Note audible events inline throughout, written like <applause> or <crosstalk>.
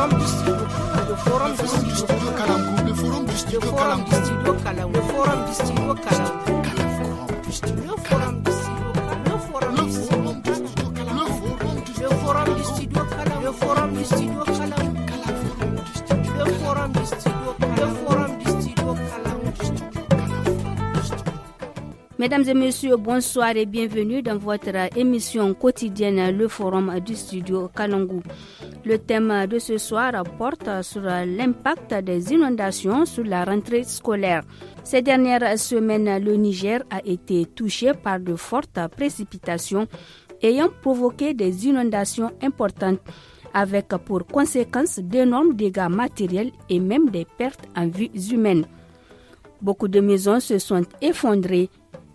forum du studio le forum du studio kalangu le forum du studio kalangu le forum du studio kalangu le forum du studio kalangu le forum du studio kalangu le forum du studio kalangu le forum du studio kalangu le forum du studio le forum du studio Mesdames et messieurs, bonsoir et bienvenue dans votre émission quotidienne Le Forum du studio Kalangu. Le thème de ce soir porte sur l'impact des inondations sur la rentrée scolaire. Ces dernières semaines, le Niger a été touché par de fortes précipitations ayant provoqué des inondations importantes avec pour conséquence d'énormes dégâts matériels et même des pertes en vies humaines. Beaucoup de maisons se sont effondrées,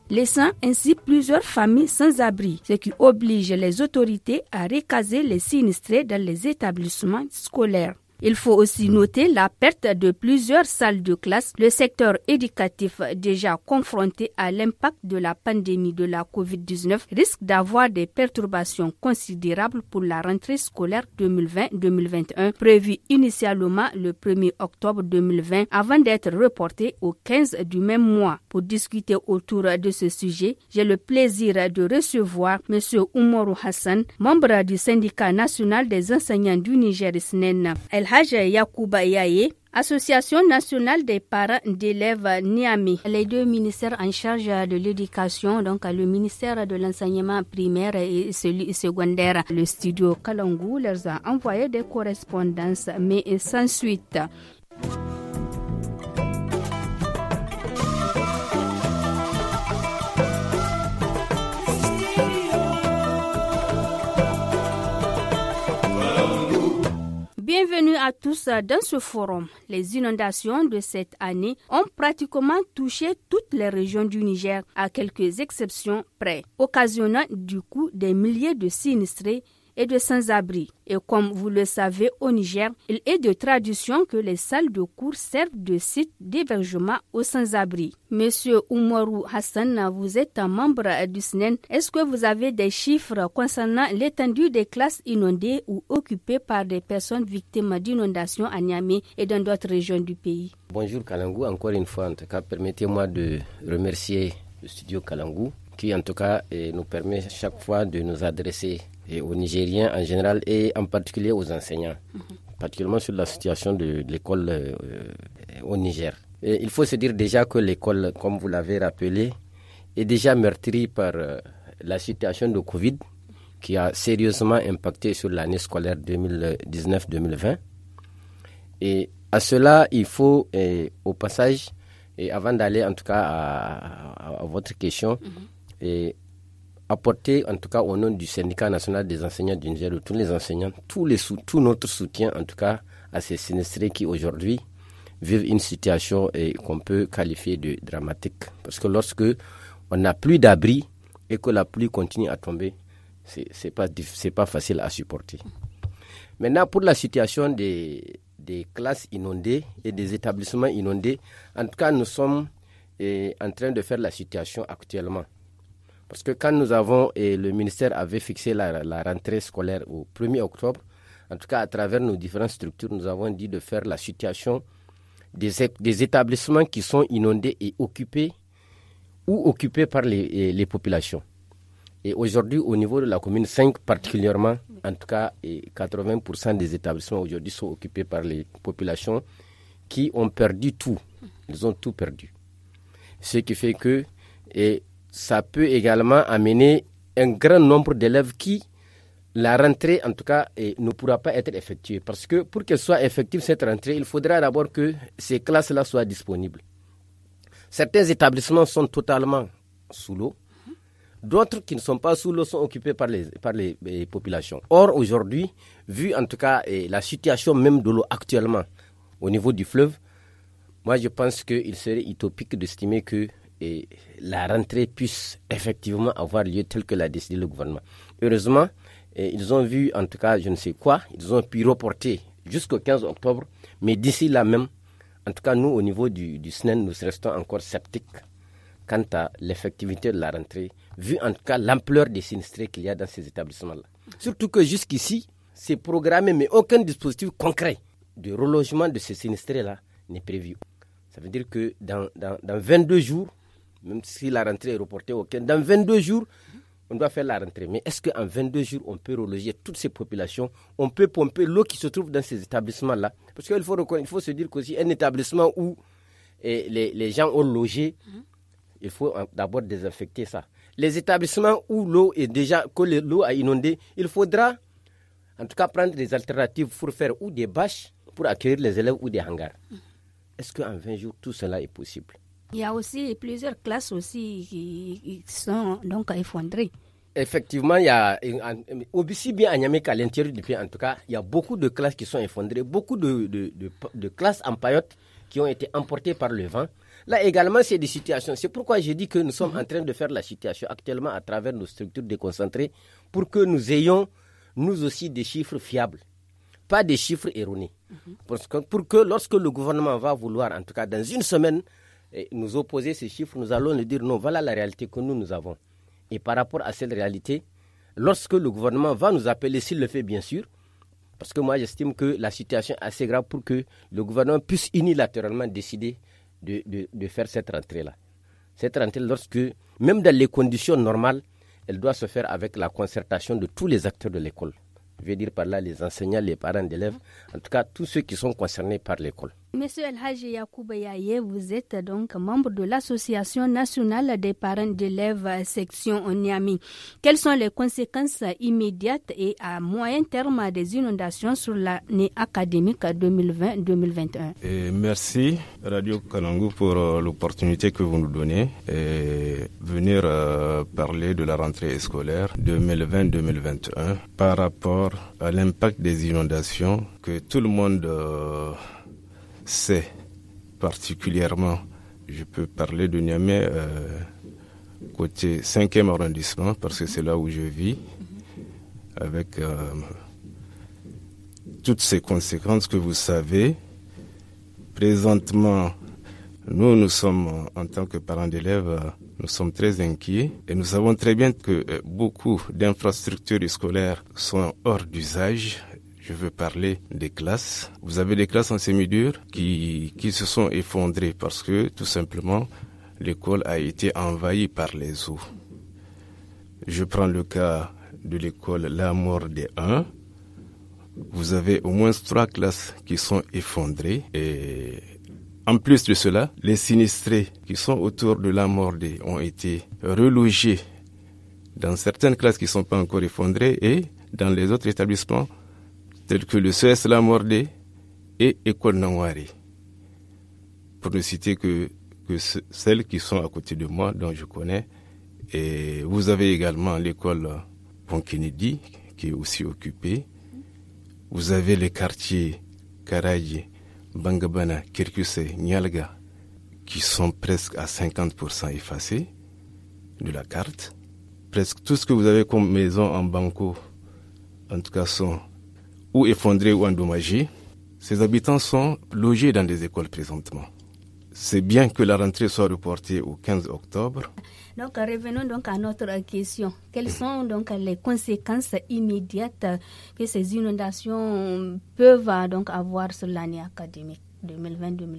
laissant ainsi plusieurs familles sans abri, ce qui oblige les autorités à recaser les sinistrés dans les établissements scolaires. Il faut aussi hmm. noter la perte de plusieurs salles de classe. Le secteur éducatif, déjà confronté à l'impact de la pandémie de la COVID-19, risque d'avoir des perturbations considérables pour la rentrée scolaire 2020-2021 prévue initialement le 1er octobre 2020 avant d'être reportée au 15 du même mois. Pour discuter autour de ce sujet, j'ai le plaisir de recevoir M. Oumarou Hassan, membre du syndicat national des enseignants du Niger SNEN. E Alhaja Yaye, Association nationale des parents d'élèves niami Les deux ministères en charge de l'éducation, donc le ministère de l'enseignement primaire et celui secondaire, le studio Kalangou leur a envoyé des correspondances, mais sans suite. Bienvenue à tous dans ce forum. Les inondations de cette année ont pratiquement touché toutes les régions du Niger, à quelques exceptions près, occasionnant du coup des milliers de sinistrés et de sans-abri. Et comme vous le savez, au Niger, il est de tradition que les salles de cours servent de site d'hébergement aux sans-abri. Monsieur Oumarou Hassan, vous êtes un membre du SNEN. E Est-ce que vous avez des chiffres concernant l'étendue des classes inondées ou occupées par des personnes victimes d'inondations à Niamey et dans d'autres régions du pays? Bonjour Kalangou, encore une fois, en tout cas, permettez-moi de remercier le studio Kalangou qui en tout cas eh, nous permet chaque fois de nous adresser et aux Nigériens en général et en particulier aux enseignants, mhm. particulièrement sur la situation de, l'école euh, au Niger. il faut se dire déjà que l'école, comme vous l'avez rappelé, est déjà meurtrie par euh, la situation de Covid qui a sérieusement impacté sur l'année scolaire 2019-2020. Et à cela, il faut, euh, au passage, et avant d'aller en tout cas à, votre question, mhm. et apporter, en tout cas au nom du syndicat national des enseignants du Niger, de tous les enseignants, tous les tout notre soutien, en tout cas, à ces sinistrés qui aujourd'hui vivent une situation eh, qu'on peut qualifier de dramatique. Parce que lorsque on n'a plus d'abri et que la pluie continue à tomber, ce n'est pas, pas facile à supporter. Maintenant, pour la situation des, des classes inondées et des établissements inondés, en tout cas, nous sommes eh, en train de faire la situation actuellement. Parce que quand nous avons, et le ministère avait fixé la, rentrée scolaire au 1er octobre, en tout cas à travers nos différentes structures, nous avons dit de faire la situation des, établissements qui sont inondés et occupés ou occupés par les, populations. Et aujourd'hui, au niveau de la commune 5 particulièrement, en tout cas, 80% des établissements aujourd'hui sont occupés par les populations qui ont perdu tout. Ils ont tout perdu. Ce qui fait que et ça peut également amener un grand nombre d'élèves qui, la rentrée en tout cas, eh, ne pourra pas être effectuée. Parce que pour qu'elle soit effective, cette rentrée, il faudra d'abord que ces classes-là soient disponibles. Certains établissements sont totalement sous l'eau. D'autres qui ne sont pas sous l'eau sont occupés par les, par les, eh, populations. Or, aujourd'hui, vu en tout cas eh, la situation même de l'eau actuellement au niveau du fleuve, moi je pense qu'il serait utopique d'estimer que et la rentrée puisse effectivement avoir lieu tel que l'a décidé le gouvernement. Heureusement, eh, ils ont vu en tout cas je ne sais quoi, ils ont pu reporter jusqu'au 15 octobre, mais d'ici là même, en tout cas nous au niveau du, du SNEN, e nous restons encore sceptiques quant à l'effectivité de la rentrée, vu en tout cas l'ampleur des sinistrés qu'il y a dans ces établissements-là. Surtout que jusqu'ici, c'est programmé, mais aucun dispositif concret de relogement de ces sinistrés-là n'est prévu. Ça veut dire que dans, dans, dans 22 jours, même si la rentrée est reportée au dans 22 jours, on doit faire la rentrée. Mais est-ce qu'en 22 jours, on peut reloger toutes ces populations On peut pomper l'eau qui se trouve dans ces établissements-là Parce qu'il faut, il faut se dire qu'aussi, un établissement où eh, les, gens ont logé, il faut d'abord désinfecter ça. Les établissements où l'eau est déjà, que l'eau a inondé, il faudra en tout cas prendre des alternatives pour faire ou des bâches pour accueillir les élèves ou des hangars. Est-ce qu'en 20 jours, tout cela est possible il y a aussi plusieurs classes aussi qui, sont donc effondrées. Effectivement, il y a, aussi bien à Niamey qu'à l'intérieur du pays, en tout cas, il y a beaucoup de classes qui sont effondrées, beaucoup de, classes en payotte qui ont été emportées par le vent. Là également, c'est des situations. C'est pourquoi j'ai dit que nous sommes en train de faire la situation actuellement à travers nos structures déconcentrées pour que nous ayons, nous aussi, des chiffres fiables, pas des chiffres erronés. Mhm. pour que lorsque le gouvernement va vouloir, en tout cas dans une semaine, nous opposer ces chiffres, nous allons nous dire non, voilà la réalité que nous, nous avons. Et par rapport à cette réalité, lorsque le gouvernement va nous appeler, s'il le fait bien sûr, parce que moi j'estime que la situation est assez grave pour que le gouvernement puisse unilatéralement décider de, faire cette rentrée-là. Cette rentrée, lorsque, même dans les conditions normales, elle doit se faire avec la concertation de tous les acteurs de l'école. Je veux dire par là les enseignants, les parents d'élèves, en tout cas tous ceux qui sont concernés par l'école. Monsieur El Haji vous êtes donc membre de l'Association nationale des parents d'élèves section Onyami. Quelles sont les conséquences immédiates et à moyen terme des inondations sur l'année académique 2020-2021 Merci Radio Kalangu pour euh, l'opportunité que vous nous donnez et venir euh, parler de la rentrée scolaire 2020-2021 par rapport à l'impact des inondations que tout le monde euh, c'est particulièrement, je peux parler de Niamey, euh, côté 5e arrondissement, parce que c'est là où je vis, avec euh, toutes ces conséquences que vous savez. Présentement, nous, nous sommes, en tant que parents d'élèves, euh, nous sommes très inquiets et nous savons très bien que beaucoup d'infrastructures scolaires sont hors d'usage je veux parler des classes. Vous avez des classes en semi-dur qui, se sont effondrées parce que tout simplement l'école a été envahie par les eaux. Je prends le cas de l'école La Mort des 1. Vous avez au moins trois classes qui sont effondrées et en plus de cela, les sinistrés qui sont autour de la mordée ont été relogés dans certaines classes qui ne sont pas encore effondrées et dans les autres établissements tels que le CS Lamordé et École Nangwari, pour ne citer que, celles qui sont à côté de moi, dont je connais. Et vous avez également l'école Pont Kennedy, qui est aussi occupée. Vous avez les quartiers Karaji, Bangabana, Kirkuse, Nyalga, qui sont presque à 50% effacés de la carte. Presque tout ce que vous avez comme maison en banco, en tout cas, sont ou effondrés ou endommagés, ses habitants sont logés dans des écoles présentement. C'est bien que la rentrée soit reportée au 15 octobre. Donc revenons donc à notre question. Quelles sont donc les conséquences immédiates que ces inondations peuvent euh, donc avoir sur l'année académique 2020-2021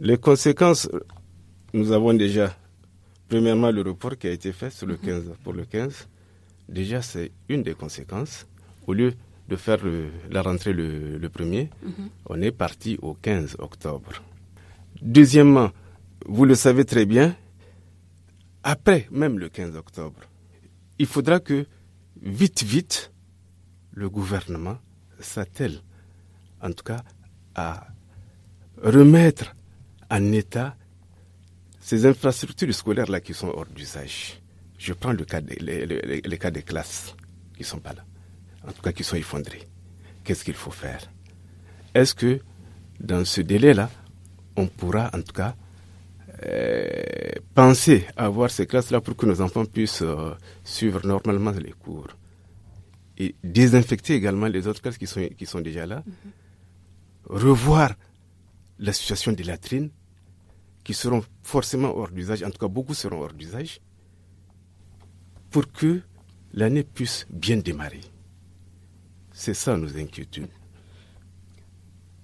Les conséquences, nous avons déjà, premièrement, le report qui a été fait sur le 15 mhm. pour le 15. Déjà, c'est une des conséquences. Au lieu de faire la rentrée le, premier, mhm. on est parti au 15 octobre. Deuxièmement, vous le savez très bien, après même le 15 octobre, il faudra que vite, vite, le gouvernement s'attelle, en tout cas, à remettre en état ces infrastructures scolaires-là qui sont hors d'usage. Je prends le cas des, les, les cas des classes qui ne sont pas là en tout cas qui sont effondrés. Qu'est-ce qu'il faut faire Est-ce que dans ce délai-là, on pourra en tout cas euh, penser à avoir ces classes-là pour que nos enfants puissent euh, suivre normalement les cours et désinfecter également les autres classes qui sont, qui sont déjà là, mhm. revoir la situation des latrines qui seront forcément hors d'usage, en tout cas beaucoup seront hors d'usage, pour que l'année puisse bien démarrer. C'est ça nos inquiétudes.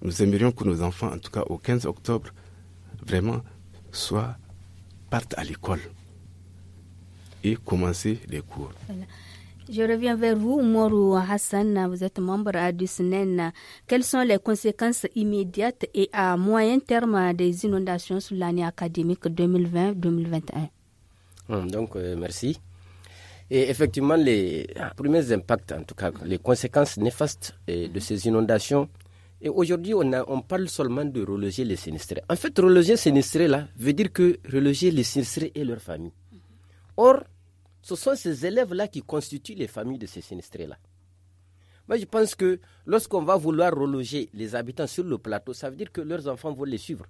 Nous aimerions que nos enfants, en tout cas au 15 octobre, vraiment soient, partent à l'école et commencer les cours. Je reviens vers vous, Mourou Hassan. Vous êtes membre du SNEN. E Quelles sont les conséquences immédiates et à moyen terme des inondations sur l'année académique 2020-2021 hum, Donc, euh, merci. Et effectivement, les premiers impacts, en tout cas, les conséquences néfastes eh, de ces inondations. Et aujourd'hui, on, parle seulement de reloger les sinistrés. En fait, reloger les sinistrés, là, veut dire que reloger les sinistrés et leurs familles. Or, ce sont ces élèves-là qui constituent les familles de ces sinistrés-là. Moi, je pense que lorsqu'on va vouloir reloger les habitants sur le plateau, ça veut dire que leurs enfants vont les suivre.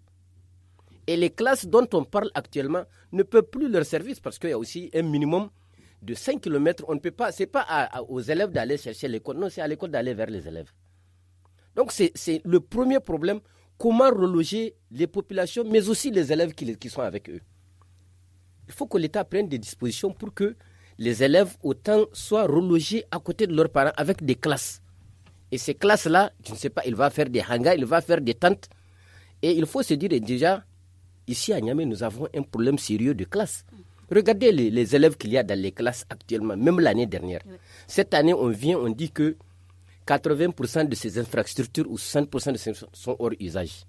Et les classes dont on parle actuellement ne peuvent plus leur servir parce qu'il y a aussi un minimum de 5 km, on ne peut pas, c'est pas aux élèves d'aller chercher l'école, non, c'est à l'école d'aller vers les élèves. Donc c'est le premier problème, comment reloger les populations, mais aussi les élèves qui, sont avec eux. Il faut que l'État prenne des dispositions pour que les élèves autant soient relogés à côté de leurs parents avec des classes. Et ces classes-là, je ne sais pas, il va faire des hangars, il va faire des tentes. Et il faut se dire déjà, ici à Niamey, nous avons un problème sérieux de classe. Regardez les, élèves qu'il y a dans les classes actuellement, même l'année dernière. Cette année, on vient, on dit que 80% de ces infrastructures ou 100% de ces sont hors usage.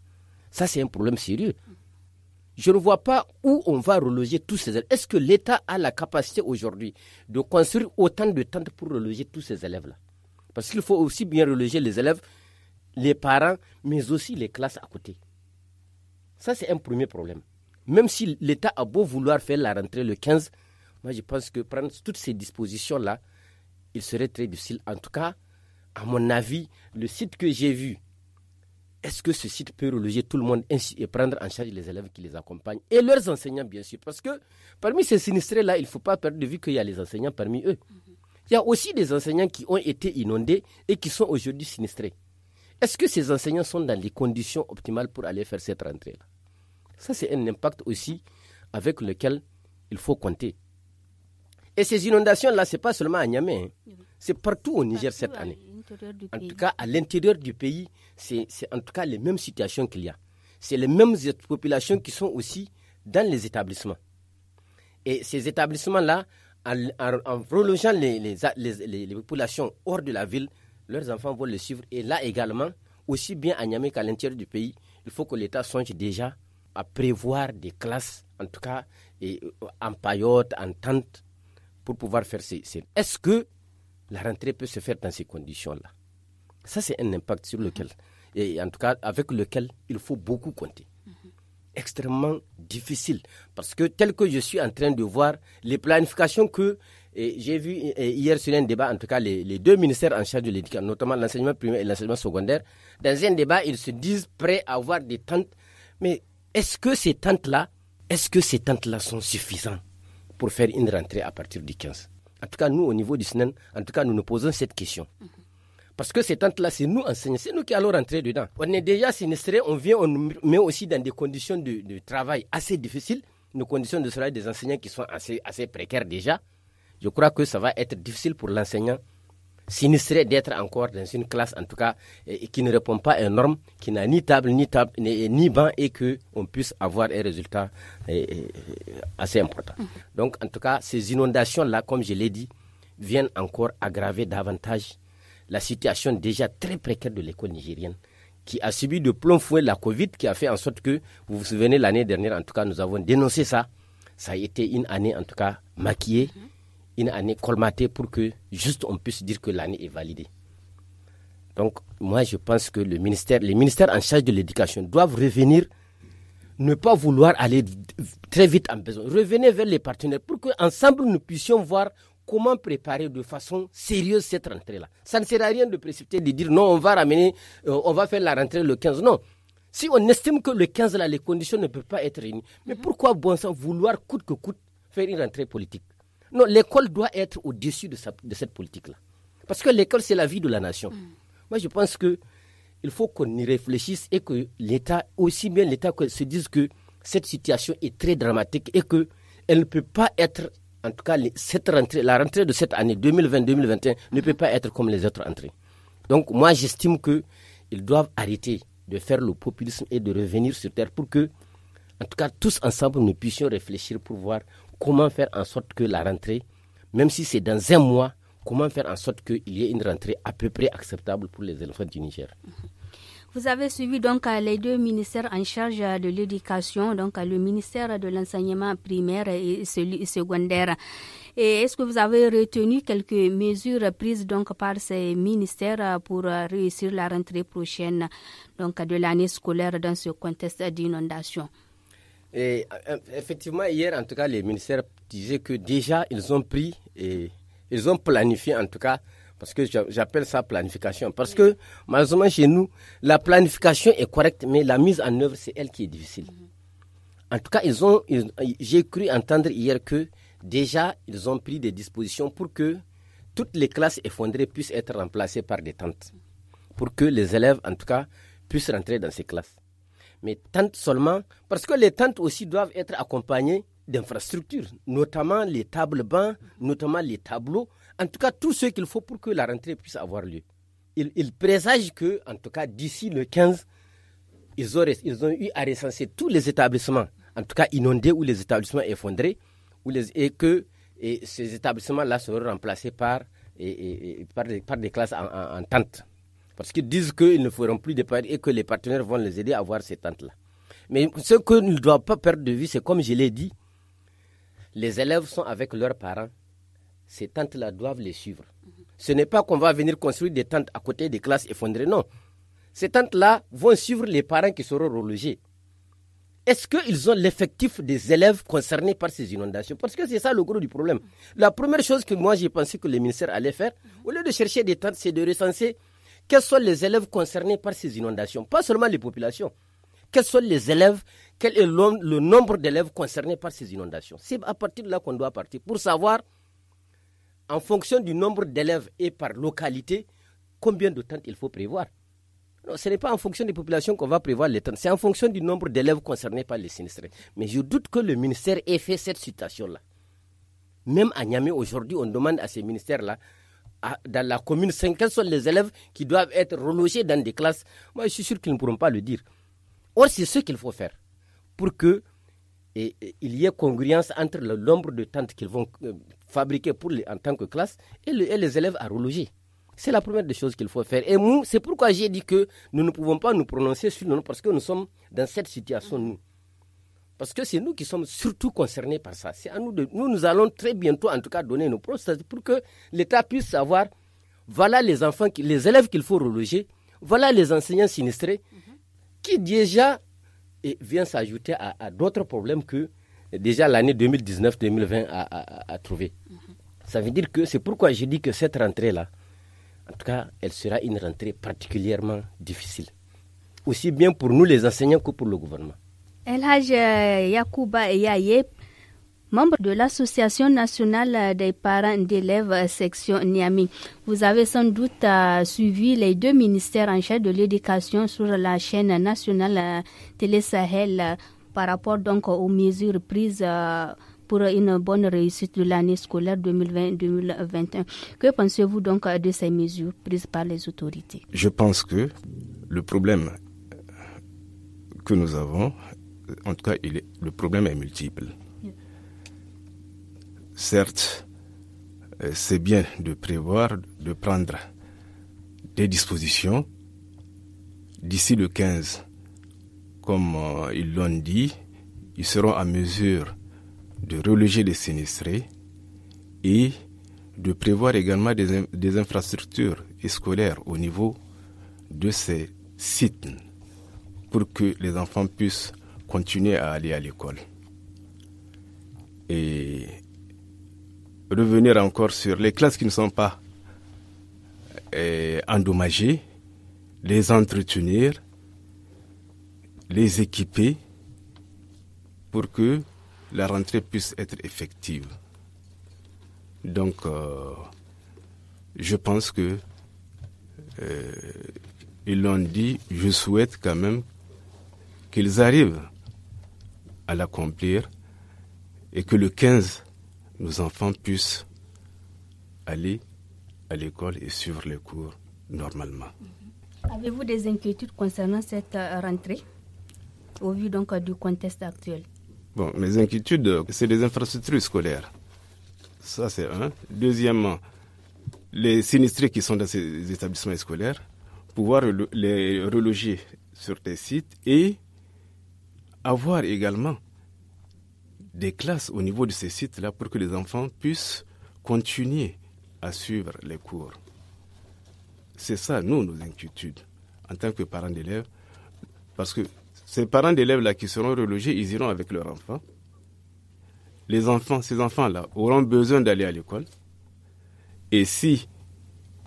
Ça, c'est un problème sérieux. Je ne vois pas où on va reloger tous ces élèves. Est-ce que l'État a la capacité aujourd'hui de construire autant de tentes pour reloger tous ces élèves-là Parce qu'il faut aussi bien reloger les élèves, les parents, mais aussi les classes à côté. Ça, c'est un premier problème même si l'État a beau vouloir faire la rentrée le 15, moi je pense que prendre toutes ces dispositions-là, il serait très difficile. En tout cas, à mon avis, le site que j'ai vu, est-ce que ce site peut reloger tout le monde et prendre en charge les élèves qui les accompagnent et leurs enseignants, bien sûr Parce que parmi ces sinistrés-là, il ne faut pas perdre de vue qu'il y a les enseignants parmi eux. Mhm. Il y a aussi des enseignants qui ont été inondés et qui sont aujourd'hui sinistrés. Est-ce que ces enseignants sont dans les conditions optimales pour aller faire cette rentrée-là ça, c'est un impact aussi avec lequel il faut compter. Et ces inondations-là, ce n'est pas seulement à Niamey, hein. c'est partout au Niger cette année. En tout cas, à l'intérieur du pays, c'est en tout cas les mêmes situations qu'il y a. C'est les mêmes populations qui sont aussi dans les établissements. Et ces établissements-là, en, en, les, populations hors de la ville, leurs enfants vont les suivre. Et là également, aussi bien à Niamey qu'à l'intérieur du pays, il faut que l'État songe déjà à prévoir des classes, en tout cas et, euh, en paillotte, en tente, pour pouvoir faire ces. Est-ce que la rentrée peut se faire dans ces conditions-là Ça, c'est un impact sur lequel, et en tout cas avec lequel il faut beaucoup compter. Mm-hmm. Extrêmement difficile. Parce que tel que je suis en train de voir, les planifications que j'ai vues hier sur un débat, en tout cas les, les deux ministères en charge de l'éducation, notamment l'enseignement primaire et l'enseignement secondaire, dans un débat, ils se disent prêts à avoir des tentes. Mais est-ce que ces tentes-là, est-ce que ces là sont suffisantes pour faire une rentrée à partir du 15 En tout cas, nous, au niveau du SNEN, en tout cas, nous nous posons cette question. Mhm. Parce que ces tentes-là, c'est nous enseignants, c'est nous qui allons rentrer dedans. On est déjà sinistrés, on vient, on nous met aussi dans des conditions de, travail assez difficiles, nos conditions de travail des enseignants qui sont assez, assez précaires déjà. Je crois que ça va être difficile pour l'enseignant sinistrés d'être encore dans une classe, en tout cas, qui ne répond pas à une norme, qui n'a ni table, ni table, ni, banc, et qu'on puisse avoir un résultat assez important. Mhm. Donc, en tout cas, ces inondations-là, comme je l'ai dit, viennent encore aggraver davantage la situation déjà très précaire de l'école nigérienne qui a subi de plomb fouet la Covid, qui a fait en sorte que, vous vous souvenez, l'année dernière, en tout cas, nous avons dénoncé ça. Ça a été une année, en tout cas, maquillée, mhm une année colmatée pour que juste on puisse dire que l'année est validée. Donc moi je pense que le ministère, les ministères en charge de l'éducation doivent revenir, ne pas vouloir aller très vite en besoin. Revenez vers les partenaires pour qu'ensemble nous puissions voir comment préparer de façon sérieuse cette rentrée-là. Ça ne sert à rien de précipiter, de dire non, on va ramener, euh, on va faire la rentrée le 15. Non. Si on estime que le 15, là, les conditions ne peuvent pas être réunies, mais mhm. pourquoi bon sang vouloir coûte que coûte faire une rentrée politique non, l'école doit être au-dessus de, cette politique-là. Parce que l'école, c'est la vie de la nation. Mm. Moi, je pense qu'il faut qu'on y réfléchisse et que l'État, aussi bien l'État, se dise que cette situation est très dramatique et qu'elle ne peut pas être, en tout cas, cette rentrée, la rentrée de cette année 2020-2021 ne peut pas être comme les autres entrées. Donc, moi, j'estime qu'ils doivent arrêter de faire le populisme et de revenir sur terre pour que, en tout cas, tous ensemble, nous puissions réfléchir pour voir comment faire en sorte que la rentrée, même si c'est dans un mois, comment faire en sorte qu'il y ait une rentrée à peu près acceptable pour les enfants du Niger. Vous avez suivi donc euh, les deux ministères en charge euh, de l'éducation, donc euh, le ministère de l'enseignement primaire et celui secondaire. est-ce que vous avez retenu quelques mesures prises donc par ces ministères pour réussir la rentrée prochaine donc de l'année scolaire dans ce contexte d'inondation? Et euh, effectivement, hier, en tout cas, les ministères disaient que déjà, ils ont pris et ils ont planifié, en tout cas, parce que j'appelle ça planification. Parce que malheureusement, chez nous, la planification est correcte, mais la mise en œuvre, c'est elle qui est difficile. En tout cas, ils ont, j'ai cru entendre hier que déjà, ils ont pris des dispositions pour que toutes les classes effondrées puissent être remplacées par des tentes, pour que les élèves, en tout cas, puissent rentrer dans ces classes mais tentes seulement, parce que les tentes aussi doivent être accompagnées d'infrastructures, notamment les tables bancs, notamment les tableaux, en tout cas tout ce qu'il faut pour que la rentrée puisse avoir lieu. Il présage présagent que, en tout cas, d'ici le 15, ils, ont eu à recenser tous les établissements, en tout cas inondés ou les établissements effondrés, et que ces établissements-là seront remplacés par, par, des, classes en, tentes. en tente. Parce qu'ils disent qu'ils ne feront plus de paris et que les partenaires vont les aider à avoir ces tentes-là. Mais ce qu'ils ne doivent pas perdre de vue, c'est comme je l'ai dit, les élèves sont avec leurs parents. Ces tentes-là doivent les suivre. Ce n'est pas qu'on va venir construire des tentes à côté des classes effondrées, non. Ces tentes-là vont suivre les parents qui seront relogés. Est-ce qu'ils ont l'effectif des élèves concernés par ces inondations Parce que c'est ça le gros du problème. La première chose que moi j'ai pensé que le ministère allait faire, au lieu de chercher des tentes, c'est de recenser quels sont les élèves concernés par ces inondations Pas seulement les populations. Quels sont les élèves Quel est le nombre d'élèves concernés par ces inondations C'est à partir de là qu'on doit partir pour savoir, en fonction du nombre d'élèves et par localité, combien de tentes il faut prévoir. Non, ce n'est pas en fonction des populations qu'on va prévoir les tentes, c'est en fonction du nombre d'élèves concernés par les sinistrés. Mais je doute que le ministère ait fait cette situation là Même à Niamey, aujourd'hui, on demande à ces ministères-là dans la commune 5, quels sont les élèves qui doivent être relogés dans des classes Moi, je suis sûr qu'ils ne pourront pas le dire. Or, c'est ce qu'il faut faire pour que et, il y ait congruence entre le nombre de tentes qu'ils vont euh, fabriquer pour les, en tant que classe et, les élèves à reloger. C'est la première des choses qu'il faut faire. Et c'est pourquoi j'ai dit que nous ne pouvons pas nous prononcer sur le nom parce que nous sommes dans cette situation, nous. Parce que c'est nous qui sommes surtout concernés par ça. C'est à nous de, nous, allons très bientôt, en tout cas, donner nos prostates pour que l'État puisse savoir, voilà les enfants, les élèves qu'il faut reloger, voilà les enseignants sinistrés, mhm. qui déjà et vient s'ajouter à, d'autres problèmes que déjà l'année 2019-2020 a, trouvé. Mhm. Ça veut dire que c'est pourquoi je dis que cette rentrée-là, en tout cas, elle sera une rentrée particulièrement difficile. Aussi bien pour nous les enseignants que pour le gouvernement. Elhaj euh, Yakuba Yaye, membre de l'Association nationale des parents d'élèves euh, section Niami. Vous avez sans doute euh, suivi les deux ministères en charge de l'éducation sur la chaîne nationale Télé Sahel par rapport donc aux mesures prises pour une bonne réussite de l'année scolaire 2020-2021. Que pensez-vous donc de ces mesures prises par les autorités Je pense que le problème que nous avons en tout cas, le problème est multiple. Certes, euh, c'est bien de prévoir, de prendre des dispositions d'ici le 15. Comme euh, ils l'ont dit, ils seront en mesure de reloger les sinistrés et de prévoir également des infrastructures scolaires au niveau de ces sites pour que les enfants puissent continuer à aller à l'école. Et revenir encore sur les classes qui ne sont pas eh, endommagées, les entretenir, les équiper pour que la rentrée puisse être effective. Donc, euh, je pense que euh, ils l'ont dit, je souhaite quand même qu'ils arrivent à l'accomplir et que le 15, nos enfants puissent aller à l'école et suivre les cours normalement. Mhm. Avez-vous des inquiétudes concernant cette euh, rentrée au vu donc euh, du contexte actuel Bon, mes inquiétudes, euh, c'est les infrastructures scolaires. Ça, c'est un. Deuxièmement, les sinistrés qui sont dans ces établissements scolaires, pouvoir les reloger sur des sites et avoir également des classes au niveau de ces sites-là pour que les enfants puissent continuer à suivre les cours. C'est ça, nous, nos inquiétudes, en tant que parents d'élèves, parce que ces parents d'élèves-là qui seront relogés, ils iront avec leurs enfants. Les enfants, ces enfants-là, auront besoin d'aller à l'école. Et si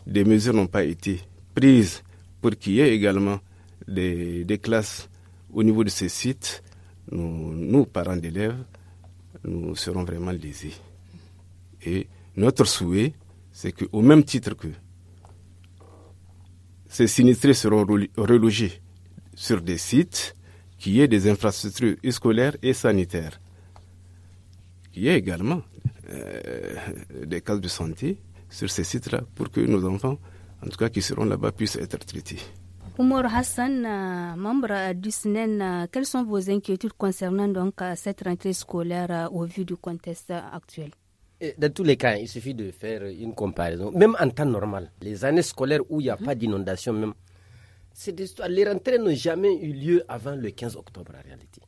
des mesures n'ont pas été prises pour qu'il y ait également des, des classes au niveau de ces sites, nous, parents d'élèves, nous serons vraiment lésés. Et notre souhait, c'est qu'au même titre que ces sinistrés seront relogés sur des sites qui aient des infrastructures scolaires et sanitaires, qui aient également euh, des cas de santé sur ces sites-là pour que nos enfants, en tout cas qui seront là-bas, puissent être traités. Oumar Hassan, euh, membre euh, du SNEN, e euh, quelles sont vos inquiétudes concernant donc cette rentrée scolaire au vu du contexte actuel eh, dans tous les cas, il suffit de faire une comparaison. Même en temps normal, les années scolaires où il n'y a mhm. pas d'inondation, même, c'est Les rentrées n'ont jamais eu lieu avant le 15 octobre en réalité.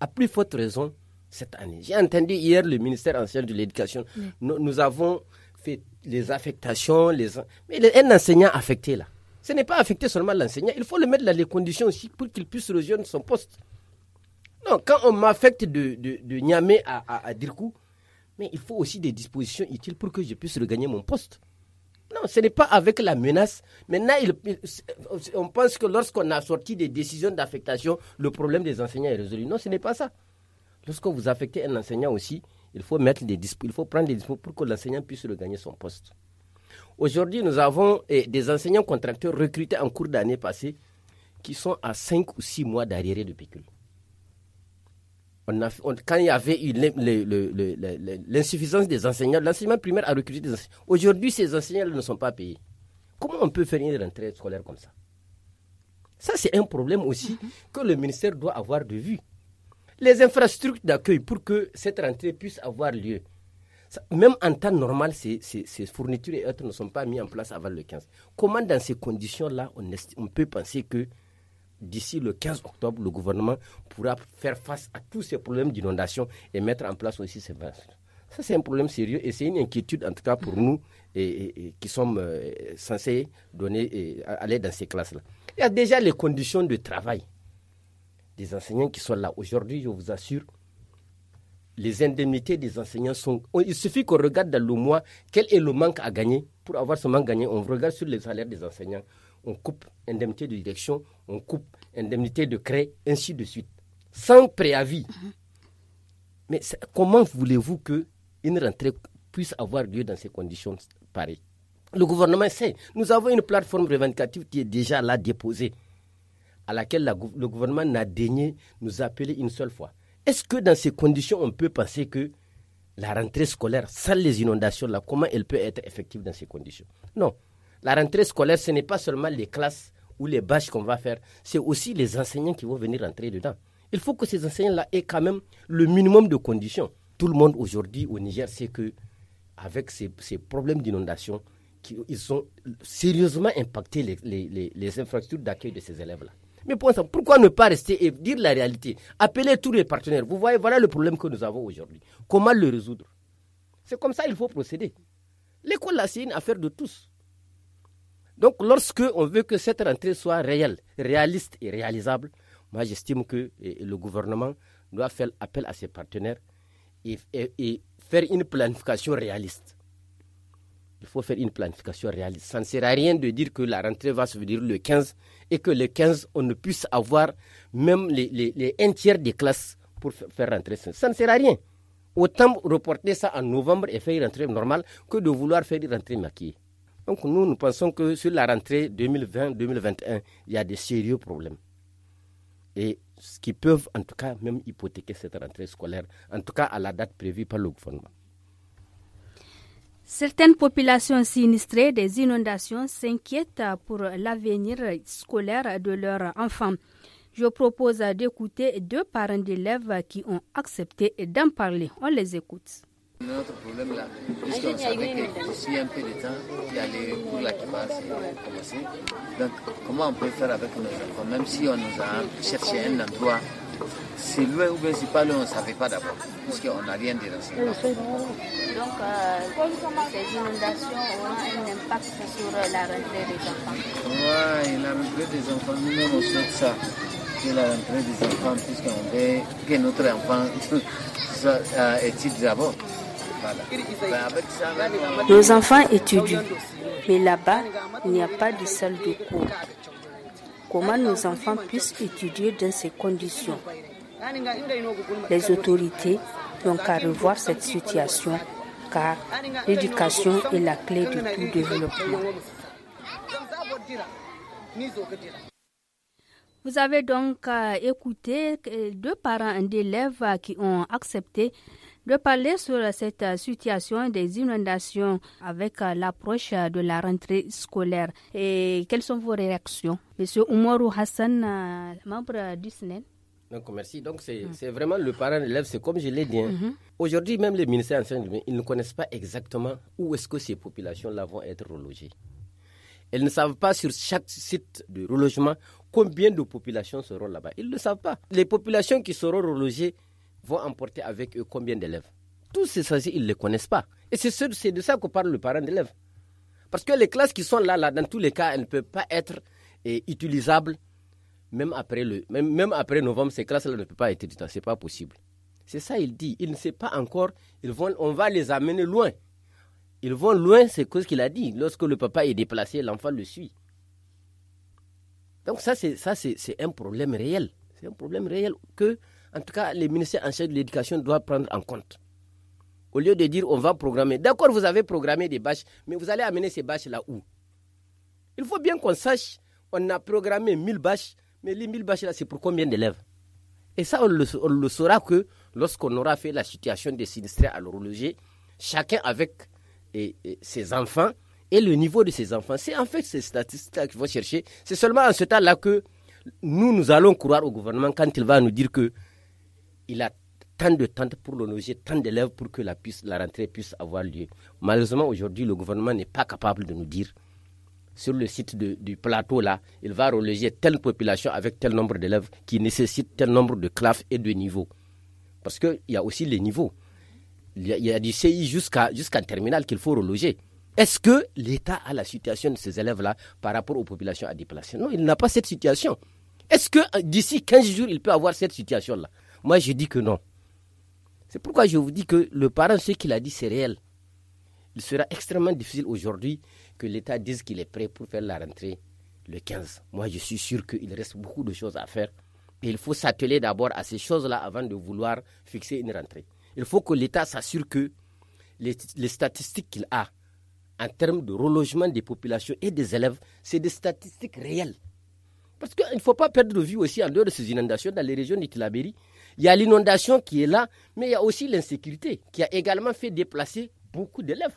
A plus forte raison, cette année. J'ai entendu hier le ministère ancien de l'Éducation. Nous, avons fait les affectations, les... mais un enseignant affecté là ce n'est pas affecter seulement l'enseignant, il faut le mettre dans les conditions aussi pour qu'il puisse rejoindre son poste. Non, quand on m'affecte de, de, à, Dirkou, mais il faut aussi des dispositions utiles pour que je puisse regagner mon poste. Non, ce n'est pas avec la menace. Maintenant, il, on pense que lorsqu'on a sorti des décisions d'affectation, le problème des enseignants est résolu. Non, ce n'est pas ça. Lorsque vous affectez un enseignant aussi, il faut, mettre des il faut prendre des dispositions pour que l'enseignant puisse regagner son poste. Aujourd'hui, nous avons eh, des enseignants contracteurs recrutés en cours d'année passée qui sont à 5 ou 6 mois d'arriéré de pécule. quand il y avait eu l'insuffisance des enseignants, l'enseignement primaire a recruté des enseignants. Aujourd'hui, ces enseignants ne sont pas payés. Comment on peut faire une rentrée scolaire comme ça Ça, c'est un problème aussi que le ministère doit avoir de vue. Les infrastructures d'accueil pour que cette rentrée puisse avoir lieu. Même en temps normal, ces, fournitures et autres ne sont pas mises en place avant le 15. Comment, dans ces conditions-là, on, peut penser que d'ici le 15 octobre, le gouvernement pourra faire face à tous ces problèmes d'inondation et mettre en place aussi ces ventes Ça, c'est un problème sérieux et c'est une inquiétude, en tout cas pour nous, qui sommes euh, censés donner, aller dans ces classes-là. Il y a déjà les conditions de travail des enseignants qui sont là. Aujourd'hui, je vous assure, les indemnités des enseignants sont. Oh, il suffit qu'on regarde dans le mois quel est le manque à gagner. Pour avoir ce manque gagné, on regarde sur les salaires des enseignants. On coupe indemnité de direction, on coupe indemnité de créer ainsi de suite. Sans préavis. Mhm. Mais comment voulez-vous qu'une rentrée puisse avoir lieu dans ces conditions pareilles Le gouvernement sait. Nous avons une plateforme revendicative qui est déjà là déposée, à laquelle le gouvernement n'a daigné nous appeler une seule fois. Est-ce que dans ces conditions, on peut penser que la rentrée scolaire, sans les inondations, comment elle peut être effective dans ces conditions Non. La rentrée scolaire, ce n'est pas seulement les classes ou les bâches qu'on va faire, c'est aussi les enseignants qui vont venir rentrer dedans. Il faut que ces enseignants-là aient quand même le minimum de conditions. Tout le monde aujourd'hui au Niger sait que avec ces, problèmes d'inondation, ils ont sérieusement impacté les, les, les infrastructures d'accueil de ces élèves-là. Mais pourquoi ne pas rester et dire la réalité Appeler tous les partenaires. Vous voyez, voilà le problème que nous avons aujourd'hui. Comment le résoudre C'est comme ça qu'il faut procéder. L'école, c'est une affaire de tous. Donc, lorsque on veut que cette rentrée soit réelle, réaliste et réalisable, moi, j'estime que le gouvernement doit faire appel à ses partenaires et faire une planification réaliste il faut faire une planification réaliste. Ça ne sert à rien de dire que la rentrée va se venir le 15 et que le 15, on ne puisse avoir même les, un tiers des classes pour faire rentrer. Ça Ça ne sert à rien. Autant reporter ça en novembre et faire une rentrée normale que de vouloir faire une rentrée maquillée. Donc nous, nous pensons que sur la rentrée 2020-2021, il y a des sérieux problèmes. Et ce qui peuvent en tout cas même hypothéquer cette rentrée scolaire, en tout cas à la date prévue par le gouvernement. Certaines populations sinistrées des inondations s'inquiètent pour l'avenir scolaire de leurs enfants. Je propose d'écouter deux parents d'élèves qui ont accepté d'en parler. On les écoute. Notre problème là, puisqu'on ah, savait que aussi un peu de temps, il y a les cours là qui Donc, comment on peut faire avec nos enfants, même si on nous a cherché un endroit c'est loin ou bien c'est pas on ne savait pas d'abord, puisqu'on n'a rien dénoncé. Donc, euh, ces inondations ont un impact sur la rentrée des enfants. Oui, la rentrée des enfants, nous-mêmes, on souhaite ça. Que la rentrée des enfants, puisqu'on veut que notre enfant <laughs> soit euh, d'abord. Nos ben, enfants étudient, mais là-bas, il n'y a pas de salle de cours comment nos enfants puissent étudier dans ces conditions. Les autorités ont qu'à revoir cette situation car l'éducation est la clé de tout développement. Vous avez donc euh, écouté euh, deux parents d'élèves euh, qui ont accepté de parler sur cette situation des inondations avec euh, l'approche de la rentrée scolaire. Et quelles sont vos réactions Monsieur Oumarou Hassan, euh, membre du SNEL. Donc, merci. Donc, c'est mm. vraiment le parent élève, c'est comme je l'ai dit. Hein. Mm-hmm. Aujourd'hui, même les ministères enseignants, ils ne connaissent pas exactement où est-ce que ces populations-là vont être relogées. Elles ne savent pas sur chaque site de relogement combien de populations seront là-bas. Ils ne le savent pas. Les populations qui seront relogées, vont emporter avec eux combien d'élèves Tous ces sens ils ne les connaissent pas. Et c'est de ça que parle le parent d'élève. Parce que les classes qui sont là, là, dans tous les cas, elles ne peuvent pas être eh, utilisables. Même après, le, même, même après novembre, ces classes-là ne peuvent pas être utilisables. Ce n'est pas possible. C'est ça il dit. Il ne sait pas encore. Ils vont, on va les amener loin. Ils vont loin, c'est ce qu'il a dit. Lorsque le papa est déplacé, l'enfant le suit. Donc ça, c'est un problème réel. C'est un problème réel que en tout cas, les ministères en charge de l'éducation doivent prendre en compte. Au lieu de dire on va programmer. D'accord, vous avez programmé des bâches, mais vous allez amener ces bâches-là où Il faut bien qu'on sache, on a programmé 1000 bâches, mais les 1000 bâches-là, c'est pour combien d'élèves Et ça, on le, saura que lorsqu'on aura fait la situation des sinistrés à l'horloger, chacun avec ses enfants et le niveau de ses enfants. C'est en fait ces statistiques-là qu'il faut chercher. C'est seulement en ce temps-là que nous, nous allons croire au gouvernement quand il va nous dire que il a tant de tentes pour loger tant d'élèves pour que la, rentrée puisse avoir lieu. Malheureusement, aujourd'hui, le gouvernement n'est pas capable de nous dire sur le site du plateau là, il va reloger telle population avec tel nombre d'élèves qui nécessite tel nombre de classes et de niveaux. Parce qu'il y a aussi les niveaux. Il y a, du CI jusqu'à jusqu'en terminal qu'il faut reloger. Est-ce que l'État a la situation de ces élèves-là par rapport aux populations à déplacer Non, il n'a pas cette situation. Est-ce que euh, d'ici 15 jours, il peut avoir cette situation-là moi, je dis que non. C'est pourquoi je vous dis que le parent, ce qu'il a dit, c'est réel. Il sera extrêmement difficile aujourd'hui que l'État dise qu'il est prêt pour faire la rentrée le 15. Moi, je suis sûr qu'il reste beaucoup de choses à faire. Et il faut s'atteler d'abord à ces choses-là avant de vouloir fixer une rentrée. Il faut que l'État s'assure que les, statistiques qu'il a en termes de relogement des populations et des élèves, c'est des statistiques réelles. Parce qu'il ne faut pas perdre de vue aussi, en dehors de ces inondations, dans les régions du Tilabéry, il y a l'inondation qui est là, mais il y a aussi l'insécurité qui a également fait déplacer beaucoup d'élèves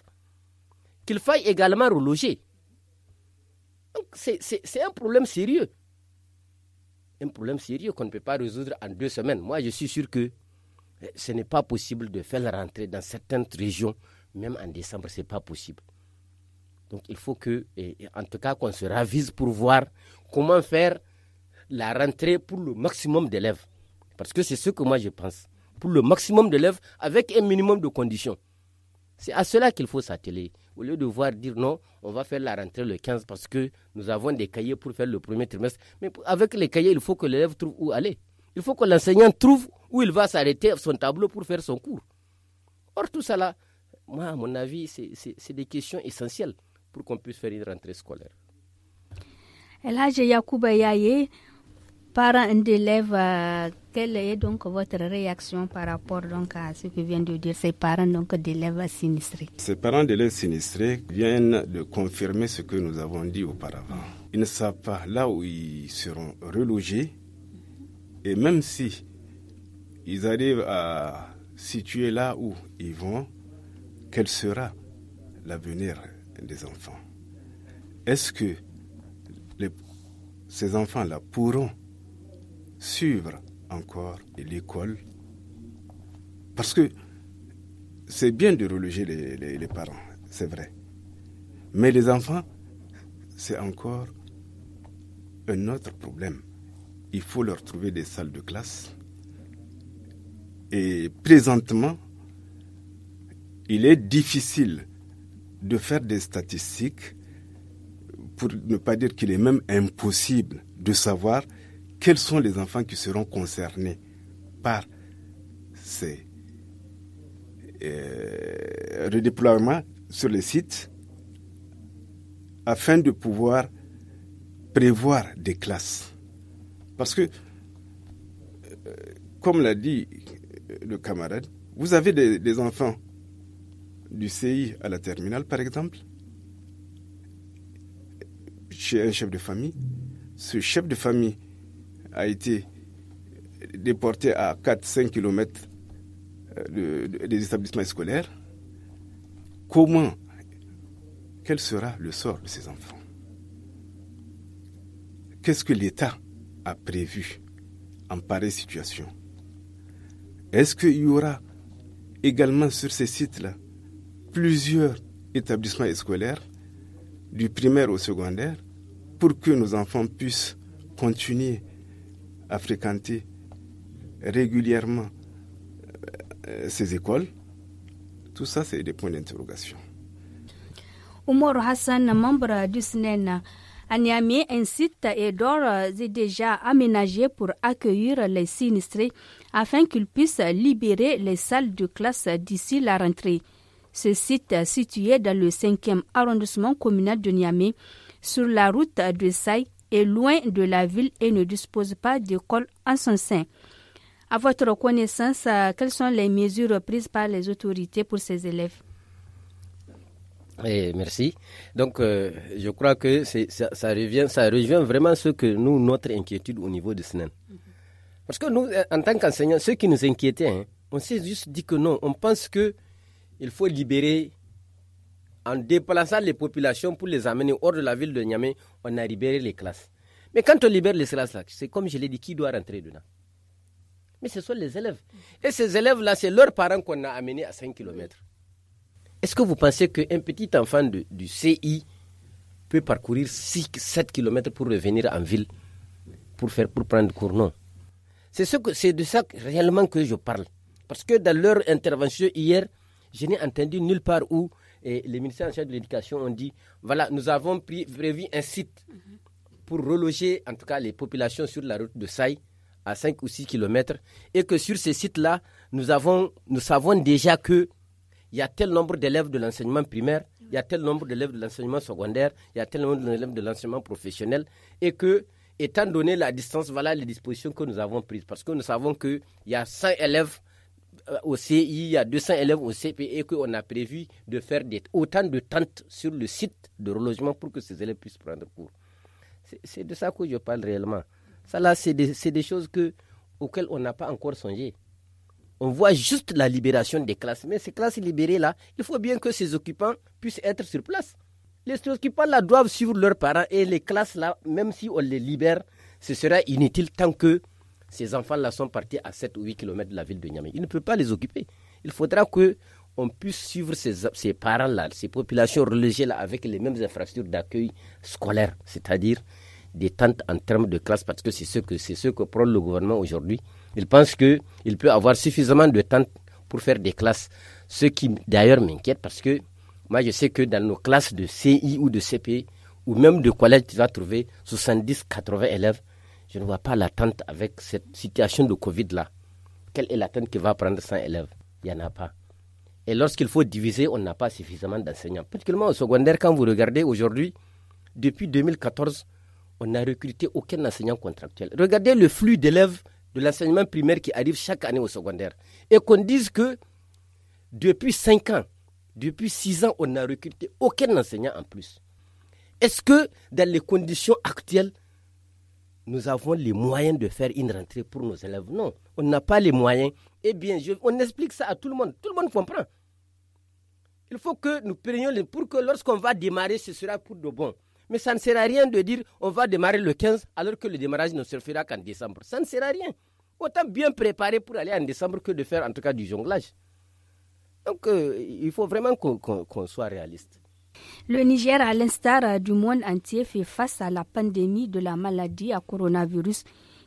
qu'il faille également reloger. Donc c'est un problème sérieux. Un problème sérieux qu'on ne peut pas résoudre en deux semaines. Moi, je suis sûr que eh, ce n'est pas possible de faire la rentrée dans certaines régions, même en décembre, ce n'est pas possible. Donc il faut que, eh, eh, en tout cas, qu'on se ravise pour voir comment faire la rentrée pour le maximum d'élèves. Parce que c'est ce que moi je pense. Pour le maximum d'élèves avec un minimum de conditions. C'est à cela qu'il faut s'atteler. Au lieu de voir dire non, on va faire la rentrée le 15 parce que nous avons des cahiers pour faire le premier trimestre. Mais avec les cahiers, il faut que l'élève trouve où aller. Il faut que l'enseignant trouve où il va s'arrêter son tableau pour faire son cours. Or, tout cela, moi, à mon avis, c'est des questions essentielles pour qu'on puisse faire une rentrée scolaire. Et là j'ai Yacouba Yaye, parents d'élèves, euh, quelle est donc votre réaction par rapport donc à ce que viennent de dire ces parents d'élèves sinistrés Ces parents d'élèves sinistrés viennent de confirmer ce que nous avons dit auparavant. Ils ne savent pas là où ils seront relogés et même si ils arrivent à situer là où ils vont, quel sera l'avenir des enfants Est-ce que ces enfants-là pourront suivre encore l'école. Parce que c'est bien de reloger les, les parents, c'est vrai. Mais les enfants, c'est encore un autre problème. Il faut leur trouver des salles de classe. Et présentement, il est difficile de faire des statistiques pour ne pas dire qu'il est même impossible de savoir quels sont les enfants qui seront concernés par ces euh, redéploiements sur les sites afin de pouvoir prévoir des classes. Parce que, euh, comme l'a dit euh, le camarade, vous avez des, des enfants du CI à la terminale, par exemple, chez un chef de famille. Ce chef de famille a été déporté à 4-5 km euh, des établissements scolaires, comment, quel sera le sort de ces enfants Qu'est-ce que l'État a prévu en pareille situation Est-ce qu'il y aura également sur ces sites-là plusieurs établissements scolaires, du primaire au secondaire, pour que nos enfants puissent continuer à fréquenter régulièrement euh, ces écoles Tout ça, c'est des points d'interrogation. Oumor Hassan, membre du SNEN, e à Niamey, un site et d'ores est euh, déjà aménagé pour accueillir les sinistrés afin qu'ils puissent libérer les salles de classe d'ici la rentrée. Ce site, situé dans le 5e arrondissement communal de Niamey, sur la route de Saï, est loin de la ville et ne dispose pas d'école en son sein. À votre connaissance, euh, quelles sont les mesures prises par les autorités pour ces élèves et eh, merci. Donc, euh, je crois que ça, ça, revient, ça revient vraiment ce que nous, notre inquiétude au niveau de SNEN. Parce que nous, euh, en tant qu'enseignants, ceux qui nous inquiétaient, hein, on s'est juste dit que non, on pense que il faut libérer en déplaçant les populations pour les amener hors de la ville de Niamey, on a libéré les classes. Mais quand on libère les classes, là c'est comme je l'ai dit, qui doit rentrer dedans Mais ce sont les élèves. Et ces élèves-là, c'est leurs parents qu'on a amenés à 5 km. Est-ce que vous pensez qu'un petit enfant de, du CI peut parcourir 6, 7 km pour revenir en ville, pour, faire, pour prendre cours Non. C'est ce de ça réellement que je parle. Parce que dans leur intervention hier, je n'ai entendu nulle part où et les ministères en charge de l'éducation ont dit voilà, nous avons prévu un site pour reloger en tout cas les populations sur la route de Saï à 5 ou 6 km et que sur ce site-là, nous, avons, nous savons déjà que il y a tel nombre d'élèves de l'enseignement primaire, il y a tel nombre d'élèves de l'enseignement secondaire, il y a tel nombre d'élèves de l'enseignement professionnel, et que, étant donné la distance, voilà les dispositions que nous avons prises. Parce que nous savons qu'il y a 100 élèves euh, au CI, il y a 200 élèves au CPE et qu'on a prévu de faire autant de tentes sur le site de relogement pour que ces élèves puissent prendre cours. C'est de ça que je parle réellement. Ça là, c'est des, choses que, auxquelles on n'a pas encore songé. On voit juste la libération des classes. Mais ces classes libérées là, il faut bien que ces occupants puissent être sur place. Les occupants là doivent suivre leurs parents et les classes là, même si on les libère, ce sera inutile tant que ces enfants-là sont partis à 7 ou 8 km de la ville de Niamey. Il ne peut pas les occuper. Il faudra que on puisse suivre ces, parents-là, ces populations religieuses-là, avec les mêmes infrastructures d'accueil scolaire, c'est-à-dire des tentes en termes de classe, parce que c'est ce que, c'est ce que le gouvernement aujourd'hui. Il pense qu'il peut avoir suffisamment de tentes pour faire des classes, ce qui d'ailleurs m'inquiète, parce que moi je sais que dans nos classes de CI ou de CP, ou même de collège, tu vas trouver 70-80 élèves je ne vois pas l'attente avec cette situation de Covid-là. Quelle est l'attente qui va prendre 100 élèves Il n'y en a pas. Et lorsqu'il faut diviser, on n'a pas suffisamment d'enseignants. Particulièrement au secondaire, quand vous regardez aujourd'hui, depuis 2014, on n'a recruté aucun enseignant contractuel. Regardez le flux d'élèves de l'enseignement primaire qui arrive chaque année au secondaire. Et qu'on dise que depuis 5 ans, depuis 6 ans, on n'a recruté aucun enseignant en plus. Est-ce que dans les conditions actuelles, nous avons les moyens de faire une rentrée pour nos élèves. Non, on n'a pas les moyens. Eh bien, on explique ça à tout le monde. Tout le monde comprend. Il faut que nous prenions pour que lorsqu'on va démarrer, ce sera pour de bon. Mais ça ne sert à rien de dire on va démarrer le 15 alors que le démarrage ne se fera qu'en décembre. Ça ne sert à rien. Autant bien préparer pour aller en décembre que de faire en tout cas du jonglage. Donc euh, il faut vraiment qu'on soit réaliste. Le Niger, à l'instar du monde entier, fait face à la pandémie de la maladie à coronavirus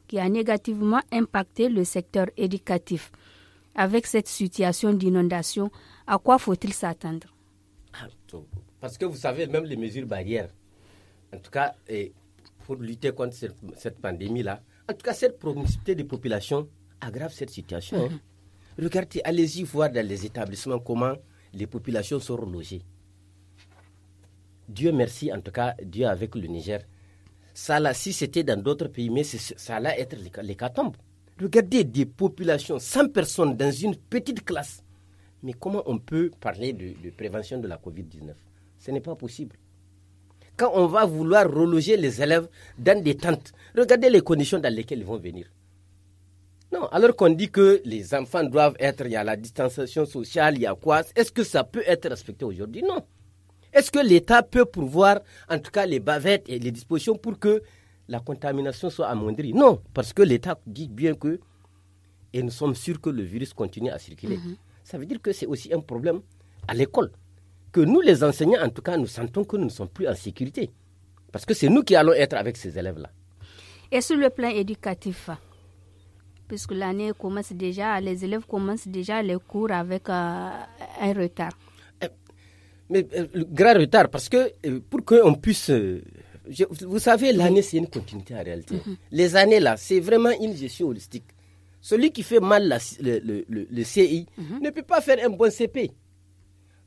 qui a négativement impacté le secteur éducatif. Avec cette situation d'inondation, à quoi faut-il s'attendre ah, Parce que vous savez, même les mesures barrières, en tout cas, pour lutter contre cette pandémie-là, en tout cas, cette promiscuité des populations aggrave cette situation. Hein. Mm-hmm. Regardez, allez-y voir dans les établissements comment les populations sont logées. Dieu merci, en tout cas, Dieu avec le Niger. Ça là, si c'était dans d'autres pays, mais ça là être l'hécatombe. Regardez des populations, 100 personnes dans une petite classe. Mais comment on peut parler de, prévention de la COVID-19 Ce n'est pas possible. Quand on va vouloir reloger les élèves dans des tentes, regardez les conditions dans lesquelles ils vont venir. Non, alors qu'on dit que les enfants doivent être, il y a la distanciation sociale, il y a quoi, est-ce que ça peut être respecté aujourd'hui Non. Est-ce que l'État peut pourvoir, en tout cas, les bavettes et les dispositions pour que la contamination soit amoindrie Non, parce que l'État dit bien que, et nous sommes sûrs que le virus continue à circuler. Mhm. Ça veut dire que c'est aussi un problème à l'école. Que nous, les enseignants, en tout cas, nous sentons que nous ne sommes plus en sécurité. Parce que c'est nous qui allons être avec ces élèves-là. Et sur le plan éducatif, puisque l'année commence déjà, les élèves commencent déjà les cours avec euh, un retard. Mais euh, le grand retard, parce que euh, pour qu'on puisse... Euh, vous savez, l'année, c'est une continuité en réalité. Mhm. Les années, là, c'est vraiment une gestion holistique. Celui qui fait mal le, CI mhm. ne peut pas faire un bon CP.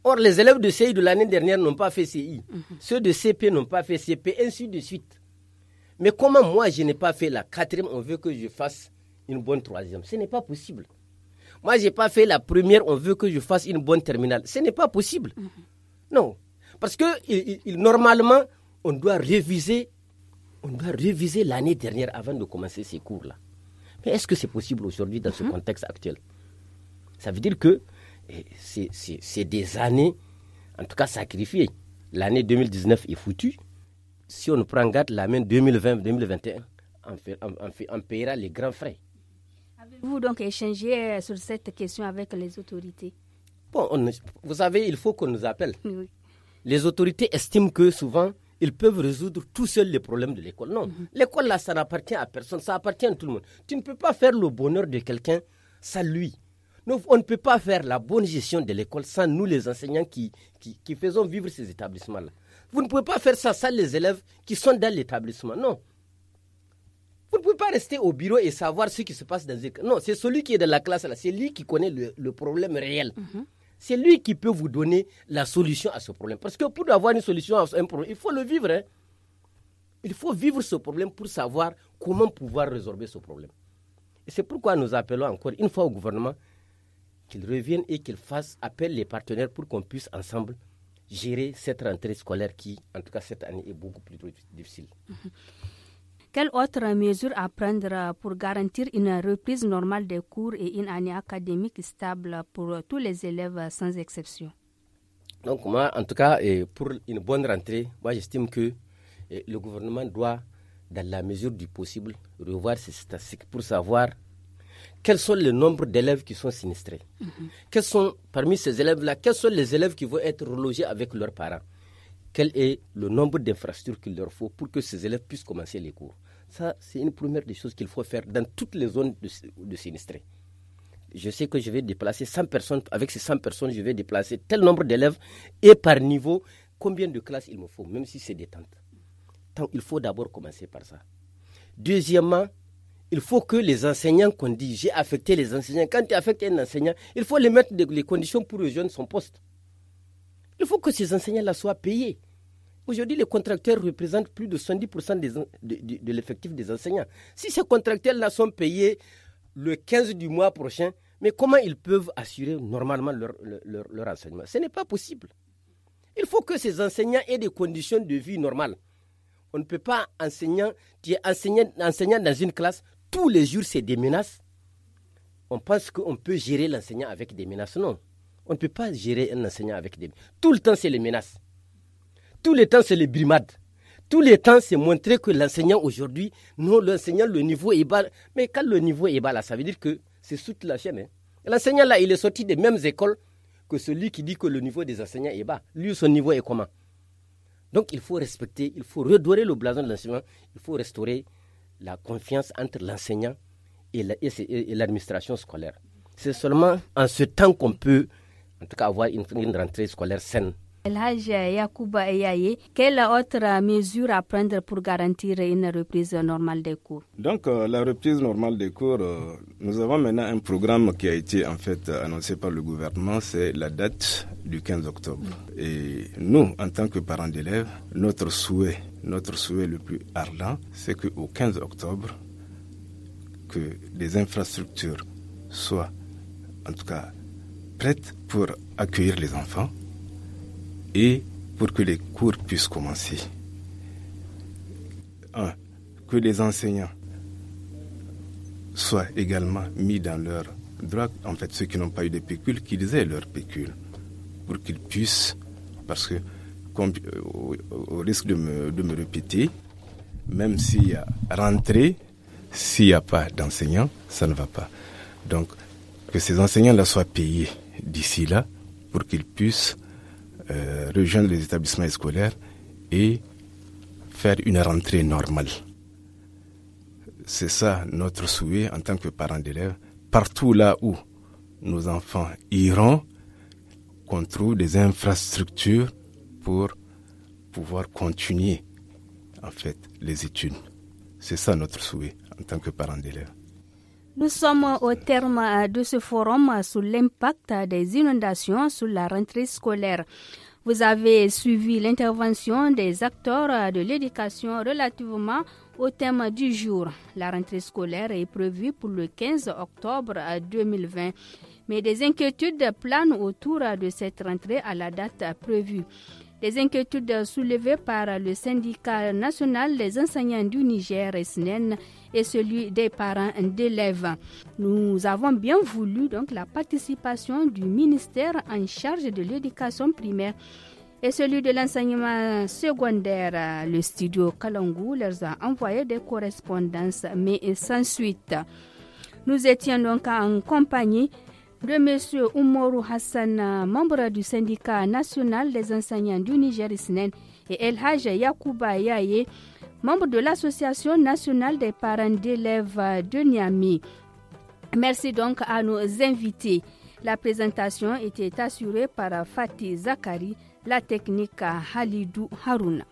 Or, les élèves de CI de l'année dernière n'ont pas fait CI. Mhm. Ceux de CP n'ont pas fait CP, ainsi de suite. Mais comment moi, je n'ai pas fait la quatrième, on veut que je fasse une bonne troisième Ce n'est pas possible. Moi, je n'ai pas fait la première, on veut que je fasse une bonne terminale. Ce n'est pas possible. Non. Parce que normalement, on doit réviser, on doit réviser l'année dernière avant de commencer ces cours-là. Mais est-ce que c'est possible aujourd'hui dans ce mhm. contexte actuel Ça veut dire que eh, c'est des années, en tout cas sacrifiées. L'année 2019 est foutue. Si on prend garde la main 2020-2021, on, paiera on, payera les grands frais. Avez-vous donc échangé euh, sur cette question avec les autorités Bon, vous savez, il faut qu'on nous appelle. Les autorités estiment que souvent, ils peuvent résoudre tout seuls les problèmes de l'école. Non, mhm. l'école, là, ça n'appartient à personne, ça appartient à tout le monde. Tu ne peux pas faire le bonheur de quelqu'un sans lui. on ne peut pas faire la bonne gestion de l'école sans nous, les enseignants qui, qui, faisons vivre ces établissements-là. Vous ne pouvez pas faire ça sans les élèves qui sont dans l'établissement. Non. Vous ne pouvez pas rester au bureau et savoir ce qui se passe dans les... Non, c'est celui qui est dans la classe, là. C'est lui qui connaît le, problème réel. Mhm c'est lui qui peut vous donner la solution à ce problème. Parce que pour avoir une solution à un problème, il faut le vivre. Hein. Il faut vivre ce problème pour savoir comment pouvoir résorber ce problème. Et c'est pourquoi nous appelons encore une fois au gouvernement qu'il revienne et qu'il fasse appel les partenaires pour qu'on puisse ensemble gérer cette rentrée scolaire qui, en tout cas cette année, est beaucoup plus difficile. <laughs> Quelles autres mesures à prendre pour garantir une reprise normale des cours et une année académique stable pour tous les élèves sans exception Donc moi, en tout cas, pour une bonne rentrée, moi j'estime que le gouvernement doit, dans la mesure du possible, revoir ses statistiques pour savoir quels sont le nombre d'élèves qui sont sinistrés. Mhm. Quels sont, parmi ces élèves-là, quels sont les élèves qui vont être relogés avec leurs parents quel est le nombre d'infrastructures qu'il leur faut pour que ces élèves puissent commencer les cours. Ça, c'est une première des choses qu'il faut faire dans toutes les zones de, de Je sais que je vais déplacer 100 personnes, avec ces 100 personnes, je vais déplacer tel nombre d'élèves et par niveau, combien de classes il me faut, même si c'est des tentes. Donc, il faut d'abord commencer par ça. Deuxièmement, il faut que les enseignants qu'on dit, j'ai affecté les enseignants, quand tu affectes un enseignant, il faut les mettre les conditions pour rejoindre son poste. Il faut que ces enseignants-là soient payés. Aujourd'hui, les contracteurs représentent plus de 70% de, l'effectif des enseignants. Si ces contracteurs-là sont payés le 15 du mois prochain, mais comment ils peuvent assurer normalement leur, enseignement Ce n'est pas possible. Il faut que ces enseignants aient des conditions de vie normales. On ne peut pas enseigner, tu dans une classe, tous les jours c'est des menaces. On pense qu'on peut gérer l'enseignant avec des menaces. Non. On ne peut pas gérer un enseignant avec des... Tout le temps, c'est les menaces. Tout le temps, c'est les brimades. Tout le temps, c'est montrer que l'enseignant aujourd'hui, non, l'enseignant, le niveau est bas. Mais quand le niveau est bas, là, ça veut dire que c'est sous la chaîne. Hein. L'enseignant, là, il est sorti des mêmes écoles que celui qui dit que le niveau des enseignants est bas. Lui, son niveau est comment Donc, il faut respecter, il faut redorer le blason de l'enseignant. il faut restaurer la confiance entre l'enseignant et l'administration scolaire. C'est seulement en ce temps qu'on peut en tout cas avoir une, rentrée scolaire saine. Elhaj Yakuba Eyaye, quelle autre mesure à prendre pour garantir une reprise normale des cours Donc, euh, la reprise normale des cours, euh, nous avons maintenant un programme qui a été en fait annoncé par le gouvernement, c'est la date du 15 octobre. Et nous, en tant que parents d'élèves, notre souhait, notre souhait le plus ardent, c'est qu'au 15 octobre, que les infrastructures soient, en tout cas, pour accueillir les enfants et pour que les cours puissent commencer. Un, que les enseignants soient également mis dans leur droit, en fait ceux qui n'ont pas eu de pécule, qu'ils aient leur pécule, pour qu'ils puissent, parce que euh, au, risque de me, de me répéter, même s'il y a rentrée, s'il n'y a pas d'enseignants, ça ne va pas. Donc, que ces enseignants-là soient payés d'ici là pour qu'ils puissent euh, rejoindre les établissements scolaires et faire une rentrée normale. C'est ça notre souhait en tant que parents d'élèves. Partout là où nos enfants iront, qu'on trouve des infrastructures pour pouvoir continuer en fait les études. C'est ça notre souhait en tant que parents d'élèves. Nous sommes au terme euh, de ce forum sur l'impact des inondations sur la rentrée scolaire. Vous avez suivi l'intervention des acteurs euh, de l'éducation relativement au thème du jour. La rentrée scolaire est prévue pour le 15 octobre 2020, euh, mais des inquiétudes planent autour de cette rentrée à la date prévue. Les inquiétudes soulevées par le syndicat national des enseignants du Niger, SNEN, et celui des parents d'élèves. Nous avons bien voulu donc la participation du ministère en charge de l'éducation primaire et celui de l'enseignement secondaire. Le studio Kalangu leur a envoyé des correspondances, mais sans suite. Nous étions donc en compagnie de M. Oumoru Hassan, membre du syndicat national des enseignants du Niger et El Yakuba Yaye, membre de l'Association nationale des parents d'élèves de Niamey. Merci donc à nos invités. La présentation était assurée par Fatih Zakari, la technique Halidou Harouna.